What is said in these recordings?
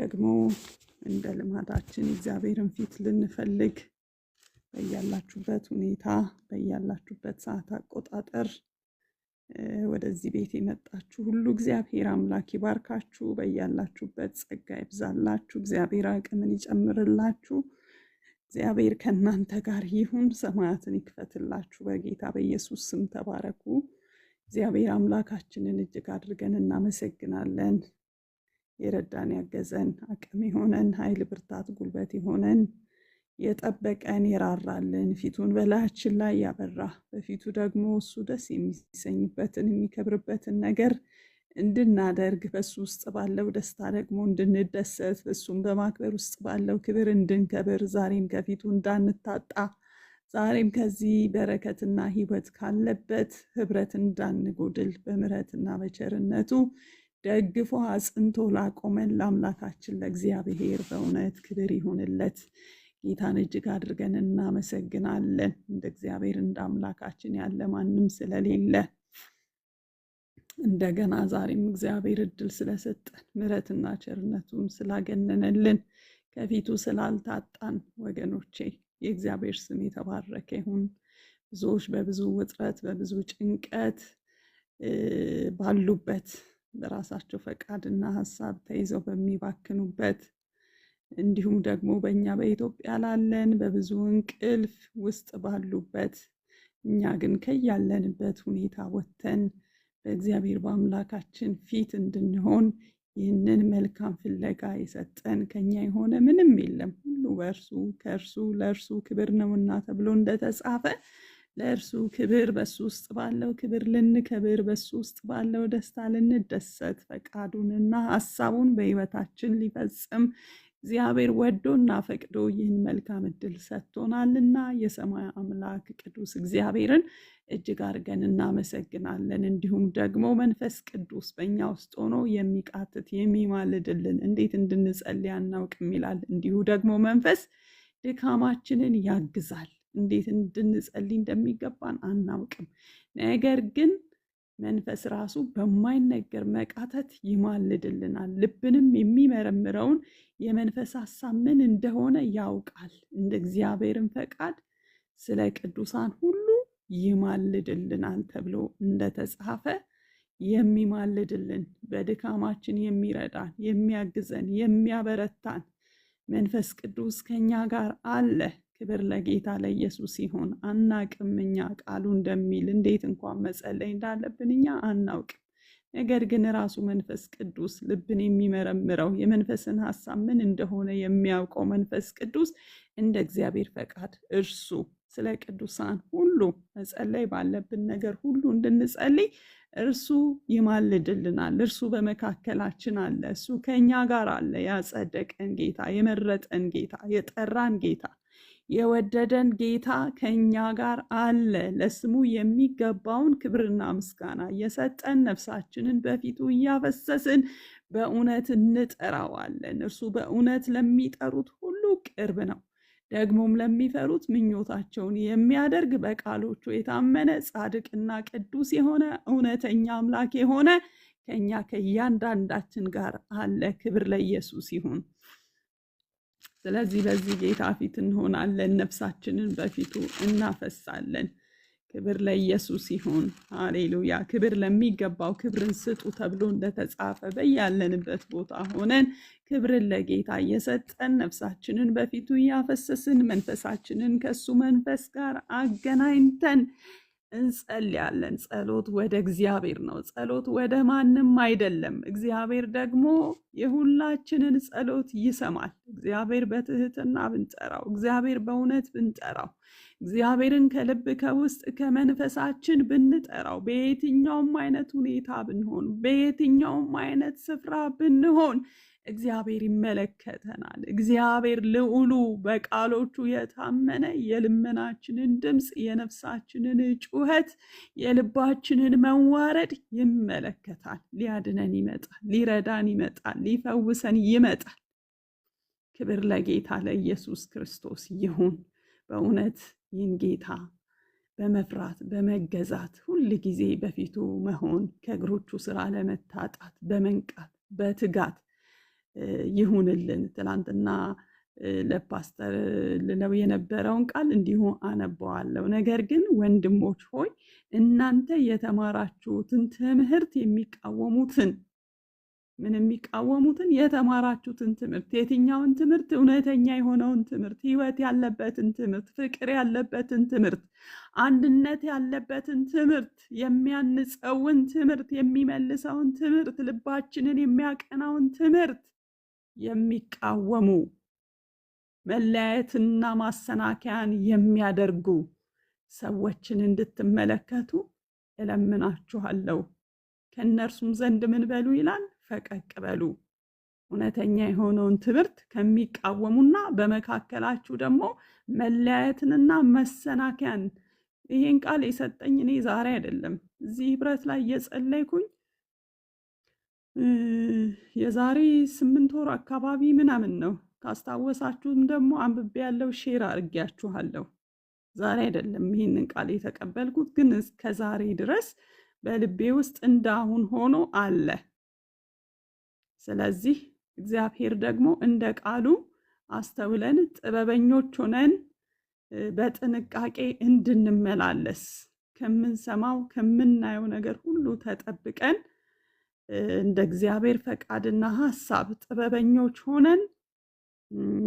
ደግሞ እንደ ልማዳችን እግዚአብሔርን ፊት ልንፈልግ በያላችሁበት ሁኔታ በያላችሁበት ሰዓት አቆጣጠር ወደዚህ ቤት የመጣችሁ ሁሉ እግዚአብሔር አምላክ ይባርካችሁ። በያላችሁበት ጸጋ ይብዛላችሁ። እግዚአብሔር አቅምን ይጨምርላችሁ። እግዚአብሔር ከእናንተ ጋር ይሁን። ሰማያትን ይክፈትላችሁ። በጌታ በኢየሱስ ስም ተባረኩ። እግዚአብሔር አምላካችንን እጅግ አድርገን እናመሰግናለን። የረዳን ያገዘን አቅም የሆነን ኃይል ብርታት ጉልበት የሆነን የጠበቀን የራራልን ፊቱን በላያችን ላይ ያበራ በፊቱ ደግሞ እሱ ደስ የሚሰኝበትን የሚከብርበትን ነገር እንድናደርግ በሱ ውስጥ ባለው ደስታ ደግሞ እንድንደሰት እሱም በማክበር ውስጥ ባለው ክብር እንድንከብር ዛሬም ከፊቱ እንዳንታጣ ዛሬም ከዚህ በረከትና ሕይወት ካለበት ህብረት እንዳንጎድል በምሕረትና በቸርነቱ ደግፎ አጽንቶ ላቆመን ለአምላካችን ለእግዚአብሔር በእውነት ክብር ይሁንለት። ጌታን እጅግ አድርገን እናመሰግናለን። እንደ እግዚአብሔር እንደ አምላካችን ያለ ማንም ስለሌለ እንደገና ዛሬም እግዚአብሔር እድል ስለሰጠን ምሕረትና ቸርነቱም ስላገነነልን ከፊቱ ስላልታጣን ወገኖቼ የእግዚአብሔር ስም የተባረከ ይሁን። ብዙዎች በብዙ ውጥረት በብዙ ጭንቀት ባሉበት በራሳቸው ፈቃድና ሀሳብ ተይዘው በሚባክኑበት እንዲሁም ደግሞ በእኛ በኢትዮጵያ ላለን በብዙ እንቅልፍ ውስጥ ባሉበት እኛ ግን ከያለንበት ሁኔታ ወጥተን በእግዚአብሔር በአምላካችን ፊት እንድንሆን ይህንን መልካም ፍለጋ የሰጠን ከኛ የሆነ ምንም የለም። ሁሉ በእርሱ ከእርሱ ለእርሱ ክብር ነውና ተብሎ እንደተጻፈ ለእርሱ ክብር በሱ ውስጥ ባለው ክብር ልንከብር በሱ ውስጥ ባለው ደስታ ልንደሰት ፈቃዱንና ሀሳቡን በሕይወታችን ሊፈጽም እግዚአብሔር ወዶና ፈቅዶ ይህን መልካም እድል ሰጥቶናልና የሰማይ አምላክ ቅዱስ እግዚአብሔርን እጅግ አድርገን እናመሰግናለን። እንዲሁም ደግሞ መንፈስ ቅዱስ በእኛ ውስጥ ሆኖ የሚቃትት የሚማልድልን እንዴት እንድንጸልይ አናውቅም ይላል። እንዲሁ ደግሞ መንፈስ ድካማችንን ያግዛል። እንዴት እንድንጸልይ እንደሚገባን አናውቅም። ነገር ግን መንፈስ ራሱ በማይነገር መቃተት ይማልድልናል። ልብንም የሚመረምረውን የመንፈስ ሀሳብ ምን እንደሆነ ያውቃል። እንደ እግዚአብሔርን ፈቃድ ስለ ቅዱሳን ሁሉ ይማልድልናል ተብሎ እንደተጻፈ የሚማልድልን በድካማችን የሚረዳን የሚያግዘን፣ የሚያበረታን መንፈስ ቅዱስ ከኛ ጋር አለ። ክብር ለጌታ ለኢየሱስ ይሁን። አናቅም እኛ ቃሉ እንደሚል እንዴት እንኳን መጸለይ እንዳለብን እኛ አናውቅም። ነገር ግን ራሱ መንፈስ ቅዱስ ልብን የሚመረምረው የመንፈስን ሀሳብ ምን እንደሆነ የሚያውቀው መንፈስ ቅዱስ እንደ እግዚአብሔር ፈቃድ እርሱ ስለ ቅዱሳን ሁሉ መጸለይ ባለብን ነገር ሁሉ እንድንጸልይ እርሱ ይማልድልናል። እርሱ በመካከላችን አለ። እሱ ከእኛ ጋር አለ። ያጸደቀን ጌታ፣ የመረጠን ጌታ፣ የጠራን ጌታ የወደደን ጌታ ከእኛ ጋር አለ። ለስሙ የሚገባውን ክብርና ምስጋና የሰጠን ነፍሳችንን በፊቱ እያፈሰስን በእውነት እንጠራዋለን። እርሱ በእውነት ለሚጠሩት ሁሉ ቅርብ ነው። ደግሞም ለሚፈሩት ምኞታቸውን የሚያደርግ በቃሎቹ የታመነ ጻድቅና ቅዱስ የሆነ እውነተኛ አምላክ የሆነ ከእኛ ከእያንዳንዳችን ጋር አለ። ክብር ለኢየሱስ ይሁን። ስለዚህ በዚህ ጌታ ፊት እንሆናለን፣ ነፍሳችንን በፊቱ እናፈሳለን። ክብር ለኢየሱስ ይሁን። ሃሌሉያ። ክብር ለሚገባው ክብርን ስጡ ተብሎ እንደተጻፈ በያለንበት ቦታ ሆነን ክብርን ለጌታ እየሰጠን ነፍሳችንን በፊቱ እያፈሰስን መንፈሳችንን ከሱ መንፈስ ጋር አገናኝተን እንጸልያለን። ጸሎት ወደ እግዚአብሔር ነው። ጸሎት ወደ ማንም አይደለም። እግዚአብሔር ደግሞ የሁላችንን ጸሎት ይሰማል። እግዚአብሔር በትህትና ብንጠራው፣ እግዚአብሔር በእውነት ብንጠራው፣ እግዚአብሔርን ከልብ ከውስጥ ከመንፈሳችን ብንጠራው፣ በየትኛውም አይነት ሁኔታ ብንሆን፣ በየትኛውም አይነት ስፍራ ብንሆን እግዚአብሔር ይመለከተናል። እግዚአብሔር ልዑሉ በቃሎቹ የታመነ የልመናችንን ድምፅ፣ የነፍሳችንን ጩኸት፣ የልባችንን መዋረድ ይመለከታል። ሊያድነን ይመጣል፣ ሊረዳን ይመጣል፣ ሊፈውሰን ይመጣል። ክብር ለጌታ ለኢየሱስ ክርስቶስ ይሁን። በእውነት ይህን ጌታ በመፍራት በመገዛት ሁል ጊዜ በፊቱ መሆን ከእግሮቹ ስራ ለመታጣት በመንቃት በትጋት ይሁንልን። ትላንትና ለፓስተር ልለው የነበረውን ቃል እንዲሁ አነበዋለሁ። ነገር ግን ወንድሞች ሆይ እናንተ የተማራችሁትን ትምህርት የሚቃወሙትን ምን የሚቃወሙትን የተማራችሁትን ትምህርት የትኛውን ትምህርት? እውነተኛ የሆነውን ትምህርት፣ ሕይወት ያለበትን ትምህርት፣ ፍቅር ያለበትን ትምህርት፣ አንድነት ያለበትን ትምህርት፣ የሚያንጸውን ትምህርት፣ የሚመልሰውን ትምህርት፣ ልባችንን የሚያቀናውን ትምህርት የሚቃወሙ መለያየትና ማሰናከያን የሚያደርጉ ሰዎችን እንድትመለከቱ እለምናችኋለሁ። ከእነርሱም ዘንድ ምን በሉ ይላል? ፈቀቅ በሉ። እውነተኛ የሆነውን ትምህርት ከሚቃወሙና በመካከላችሁ ደግሞ መለያየትንና መሰናከያን ይህን ቃል የሰጠኝ እኔ ዛሬ አይደለም። እዚህ ህብረት ላይ እየጸለይኩኝ የዛሬ ስምንት ወር አካባቢ ምናምን ነው። ካስታወሳችሁም ደግሞ አንብቤ ያለው ሼር አድርጌያችኋለሁ። ዛሬ አይደለም ይህንን ቃል የተቀበልኩት፣ ግን እስከ ዛሬ ድረስ በልቤ ውስጥ እንዳሁን ሆኖ አለ። ስለዚህ እግዚአብሔር ደግሞ እንደ ቃሉ አስተውለን ጥበበኞች ሆነን በጥንቃቄ እንድንመላለስ ከምንሰማው ከምናየው ነገር ሁሉ ተጠብቀን እንደ እግዚአብሔር ፈቃድና ሀሳብ ጥበበኞች ሆነን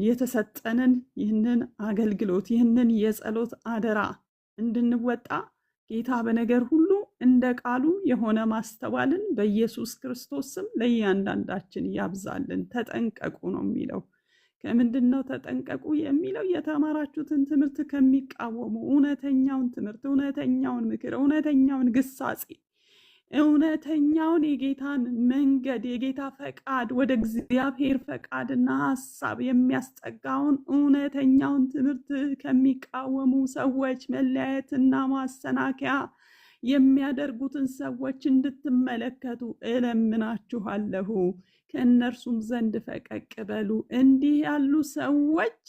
የተሰጠንን ይህንን አገልግሎት ይህንን የጸሎት አደራ እንድንወጣ ጌታ በነገር ሁሉ እንደ ቃሉ የሆነ ማስተዋልን በኢየሱስ ክርስቶስ ስም ለእያንዳንዳችን ያብዛልን። ተጠንቀቁ ነው የሚለው። ከምንድን ነው ተጠንቀቁ የሚለው? የተማራችሁትን ትምህርት ከሚቃወሙ እውነተኛውን ትምህርት፣ እውነተኛውን ምክር፣ እውነተኛውን ግሳጼ እውነተኛውን የጌታን መንገድ የጌታ ፈቃድ ወደ እግዚአብሔር ፈቃድና ሀሳብ የሚያስጠጋውን እውነተኛውን ትምህርት ከሚቃወሙ ሰዎች መለያየትና ማሰናከያ የሚያደርጉትን ሰዎች እንድትመለከቱ እለምናችኋለሁ። ከእነርሱም ዘንድ ፈቀቅ በሉ። እንዲህ ያሉ ሰዎች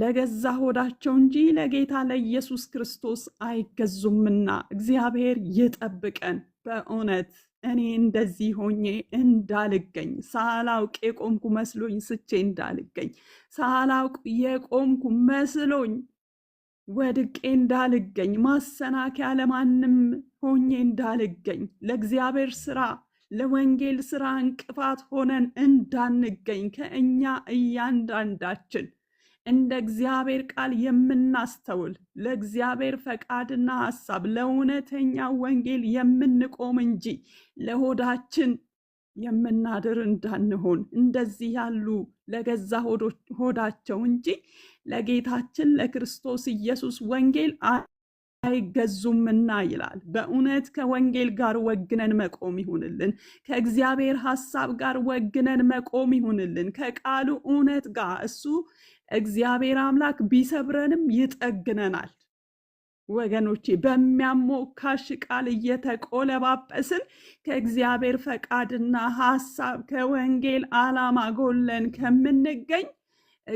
ለገዛ ሆዳቸው እንጂ ለጌታ ለኢየሱስ ክርስቶስ አይገዙምና እግዚአብሔር ይጠብቀን። በእውነት እኔ እንደዚህ ሆኜ እንዳልገኝ ሳላውቅ የቆምኩ መስሎኝ ስቼ እንዳልገኝ ሳላውቅ የቆምኩ መስሎኝ ወድቄ እንዳልገኝ ማሰናከያ ለማንም ሆኜ እንዳልገኝ ለእግዚአብሔር ስራ ለወንጌል ስራ እንቅፋት ሆነን እንዳንገኝ ከእኛ እያንዳንዳችን እንደ እግዚአብሔር ቃል የምናስተውል ለእግዚአብሔር ፈቃድና ሐሳብ ለእውነተኛ ወንጌል የምንቆም እንጂ ለሆዳችን የምናድር እንዳንሆን እንደዚህ ያሉ ለገዛ ሆዳቸው እንጂ ለጌታችን ለክርስቶስ ኢየሱስ ወንጌል አይገዙምና ይላል። በእውነት ከወንጌል ጋር ወግነን መቆም ይሁንልን። ከእግዚአብሔር ሐሳብ ጋር ወግነን መቆም ይሁንልን። ከቃሉ እውነት ጋር እሱ እግዚአብሔር አምላክ ቢሰብረንም ይጠግነናል። ወገኖቼ በሚያሞካሽ ቃል እየተቆለባበስን ከእግዚአብሔር ፈቃድና ሐሳብ ከወንጌል ዓላማ ጎለን ከምንገኝ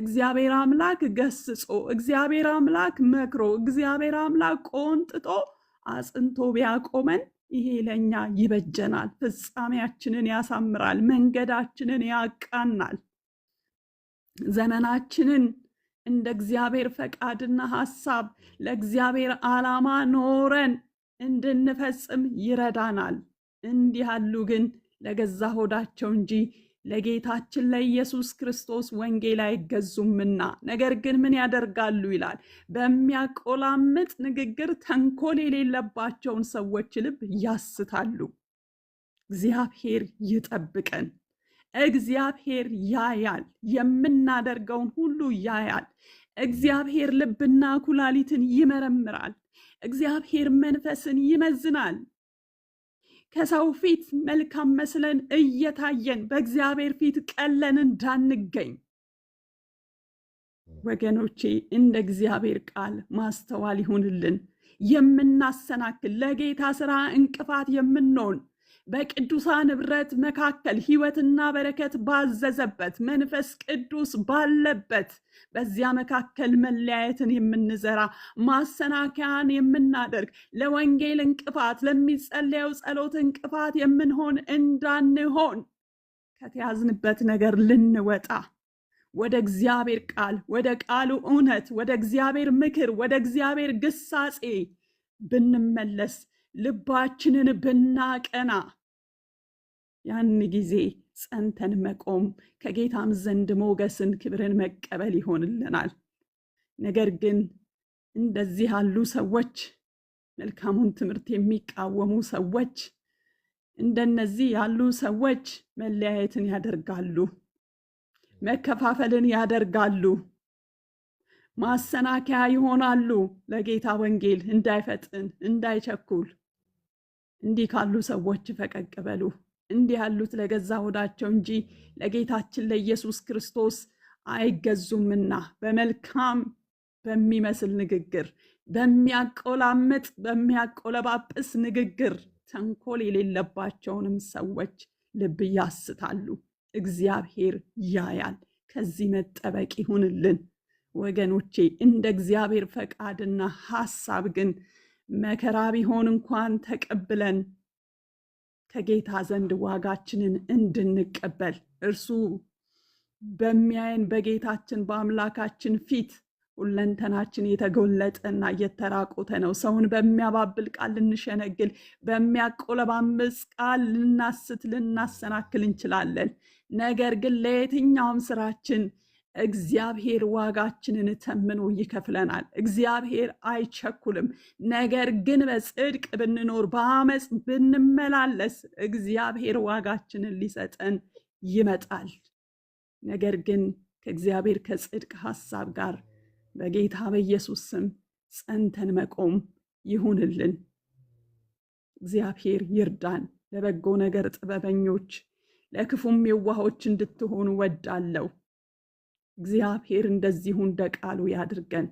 እግዚአብሔር አምላክ ገስጾ እግዚአብሔር አምላክ መክሮ እግዚአብሔር አምላክ ቆንጥጦ አጽንቶ ቢያቆመን ይሄ ለእኛ ይበጀናል። ፍጻሜያችንን ያሳምራል። መንገዳችንን ያቃናል። ዘመናችንን እንደ እግዚአብሔር ፈቃድና ሐሳብ ለእግዚአብሔር ዓላማ ኖረን እንድንፈጽም ይረዳናል። እንዲህ ያሉ ግን ለገዛ ሆዳቸው እንጂ ለጌታችን ለኢየሱስ ክርስቶስ ወንጌል አይገዙምና ነገር ግን ምን ያደርጋሉ ይላል። በሚያቆላምጥ ንግግር ተንኮል የሌለባቸውን ሰዎች ልብ ያስታሉ። እግዚአብሔር ይጠብቀን። እግዚአብሔር ያያል፣ የምናደርገውን ሁሉ ያያል። እግዚአብሔር ልብና ኩላሊትን ይመረምራል። እግዚአብሔር መንፈስን ይመዝናል። ከሰው ፊት መልካም መስለን እየታየን በእግዚአብሔር ፊት ቀለን እንዳንገኝ ወገኖቼ፣ እንደ እግዚአብሔር ቃል ማስተዋል ይሁንልን። የምናሰናክል ለጌታ ስራ እንቅፋት የምንሆን በቅዱሳን ንብረት መካከል ህይወትና በረከት ባዘዘበት መንፈስ ቅዱስ ባለበት በዚያ መካከል መለያየትን የምንዘራ ማሰናከያን የምናደርግ ለወንጌል እንቅፋት ለሚጸለየው ጸሎት እንቅፋት የምንሆን እንዳንሆን ከተያዝንበት ነገር ልንወጣ ወደ እግዚአብሔር ቃል ወደ ቃሉ እውነት ወደ እግዚአብሔር ምክር ወደ እግዚአብሔር ግሳጼ ብንመለስ ልባችንን ብናቀና ያን ጊዜ ጸንተን መቆም ከጌታም ዘንድ ሞገስን፣ ክብርን መቀበል ይሆንልናል። ነገር ግን እንደዚህ ያሉ ሰዎች፣ መልካሙን ትምህርት የሚቃወሙ ሰዎች፣ እንደነዚህ ያሉ ሰዎች መለያየትን ያደርጋሉ፣ መከፋፈልን ያደርጋሉ፣ ማሰናከያ ይሆናሉ። ለጌታ ወንጌል እንዳይፈጥን እንዳይቸኩል እንዲህ ካሉ ሰዎች ፈቀቅ በሉ። እንዲህ ያሉት ለገዛ ሆዳቸው እንጂ ለጌታችን ለኢየሱስ ክርስቶስ አይገዙምና በመልካም በሚመስል ንግግር፣ በሚያቆላምጥ በሚያቆለባብስ ንግግር ተንኮል የሌለባቸውንም ሰዎች ልብ ያስታሉ። እግዚአብሔር ያያል። ከዚህ መጠበቅ ይሁንልን ወገኖቼ። እንደ እግዚአብሔር ፈቃድና ሐሳብ ግን መከራ ቢሆን እንኳን ተቀብለን ከጌታ ዘንድ ዋጋችንን እንድንቀበል እርሱ በሚያየን በጌታችን በአምላካችን ፊት ሁለንተናችን የተጎለጠና እየተራቆተ ነው። ሰውን በሚያባብል ቃል ልንሸነግል፣ በሚያቆለባምስ ቃል ልናስት፣ ልናሰናክል እንችላለን። ነገር ግን ለየትኛውም ስራችን እግዚአብሔር ዋጋችንን ተምኖ ይከፍለናል። እግዚአብሔር አይቸኩልም። ነገር ግን በጽድቅ ብንኖር፣ በአመፅ ብንመላለስ እግዚአብሔር ዋጋችንን ሊሰጠን ይመጣል። ነገር ግን ከእግዚአብሔር ከጽድቅ ሐሳብ ጋር በጌታ በኢየሱስ ስም ጸንተን መቆም ይሁንልን። እግዚአብሔር ይርዳን። ለበጎ ነገር ጥበበኞች፣ ለክፉም የዋሆች እንድትሆኑ ወዳለሁ። እግዚአብሔር እንደዚሁ እንደ ቃሉ ያድርገን።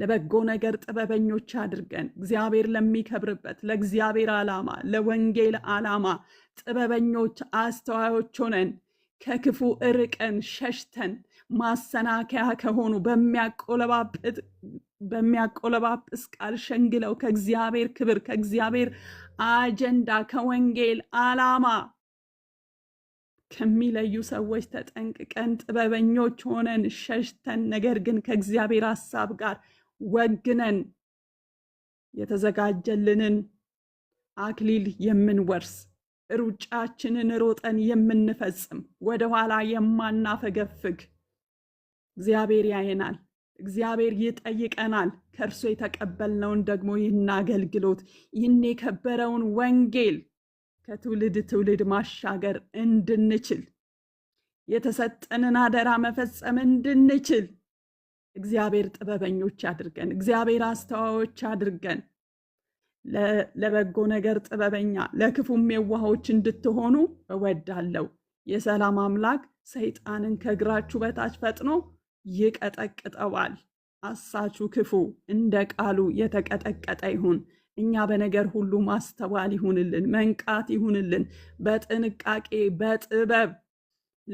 ለበጎ ነገር ጥበበኞች አድርገን እግዚአብሔር ለሚከብርበት ለእግዚአብሔር ዓላማ ለወንጌል ዓላማ ጥበበኞች አስተዋዮች ሆነን ከክፉ እርቀን ሸሽተን ማሰናከያ ከሆኑ በሚያቆለባብስ ቃል ሸንግለው ከእግዚአብሔር ክብር ከእግዚአብሔር አጀንዳ ከወንጌል ዓላማ ከሚለዩ ሰዎች ተጠንቅቀን ጥበበኞች ሆነን ሸሽተን ነገር ግን ከእግዚአብሔር ሐሳብ ጋር ወግነን የተዘጋጀልንን አክሊል የምንወርስ ሩጫችንን ሮጠን የምንፈጽም ወደኋላ የማናፈገፍግ እግዚአብሔር ያየናል። እግዚአብሔር ይጠይቀናል። ከእርሶ የተቀበልነውን ደግሞ ይህን አገልግሎት ይህን የከበረውን ወንጌል ከትውልድ ትውልድ ማሻገር እንድንችል የተሰጠንን አደራ መፈጸም እንድንችል እግዚአብሔር ጥበበኞች አድርገን፣ እግዚአብሔር አስተዋዎች አድርገን ለበጎ ነገር ጥበበኛ ለክፉም የዋሆች እንድትሆኑ እወዳለሁ። የሰላም አምላክ ሰይጣንን ከእግራችሁ በታች ፈጥኖ ይቀጠቅጠዋል። አሳቹ ክፉ እንደ ቃሉ የተቀጠቀጠ ይሁን። እኛ በነገር ሁሉ ማስተዋል ይሁንልን፣ መንቃት ይሁንልን። በጥንቃቄ በጥበብ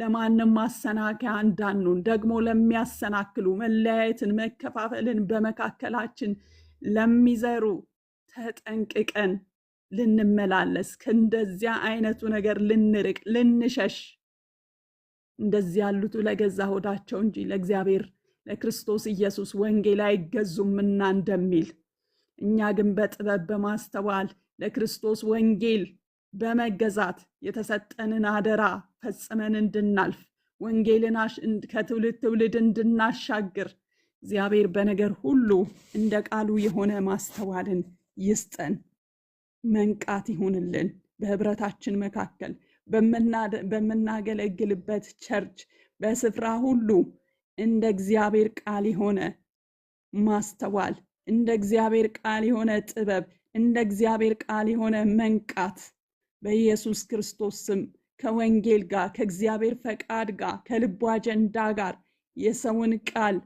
ለማንም ማሰናከያ እንዳንሆን፣ ደግሞ ለሚያሰናክሉ መለያየትን፣ መከፋፈልን በመካከላችን ለሚዘሩ ተጠንቅቀን ልንመላለስ፣ ከእንደዚያ አይነቱ ነገር ልንርቅ፣ ልንሸሽ እንደዚህ ያሉት ለገዛ ሆዳቸው እንጂ ለእግዚአብሔር ለክርስቶስ ኢየሱስ ወንጌል አይገዙምና እንደሚል እኛ ግን በጥበብ በማስተዋል ለክርስቶስ ወንጌል በመገዛት የተሰጠንን አደራ ፈጽመን እንድናልፍ ወንጌልን ከትውልድ ትውልድ እንድናሻግር እግዚአብሔር በነገር ሁሉ እንደ ቃሉ የሆነ ማስተዋልን ይስጠን። መንቃት ይሁንልን። በህብረታችን መካከል በምናገለግልበት ቸርች፣ በስፍራ ሁሉ እንደ እግዚአብሔር ቃል የሆነ ማስተዋል እንደ እግዚአብሔር ቃል የሆነ ጥበብ፣ እንደ እግዚአብሔር ቃል የሆነ መንቃት በኢየሱስ ክርስቶስ ስም ከወንጌል ጋር ከእግዚአብሔር ፈቃድ ጋር ከልቡ አጀንዳ ጋር የሰውን ቃል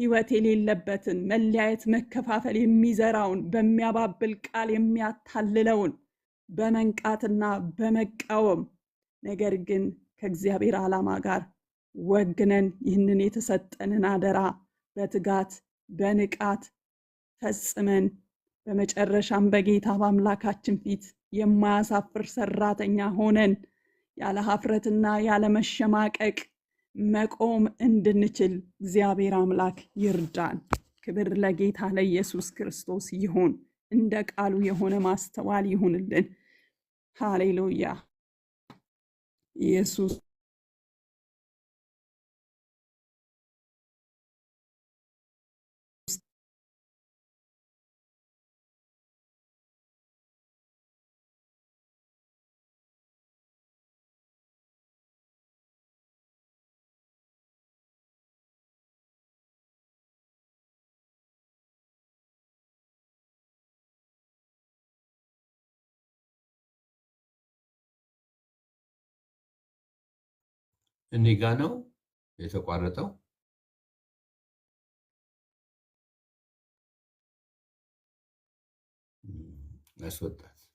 ሕይወት የሌለበትን መለያየት፣ መከፋፈል የሚዘራውን በሚያባብል ቃል የሚያታልለውን በመንቃትና በመቃወም ነገር ግን ከእግዚአብሔር ዓላማ ጋር ወግነን ይህንን የተሰጠንን አደራ በትጋት በንቃት ፈጽመን በመጨረሻም በጌታ በአምላካችን ፊት የማያሳፍር ሰራተኛ ሆነን ያለ ሀፍረትና ያለ መሸማቀቅ መቆም እንድንችል እግዚአብሔር አምላክ ይርዳን። ክብር ለጌታ ለኢየሱስ ክርስቶስ ይሁን። እንደ ቃሉ የሆነ ማስተዋል ይሁንልን። ሃሌሉያ ኢየሱስ እኔ ጋ ነው የተቋረጠው። ያስወጣል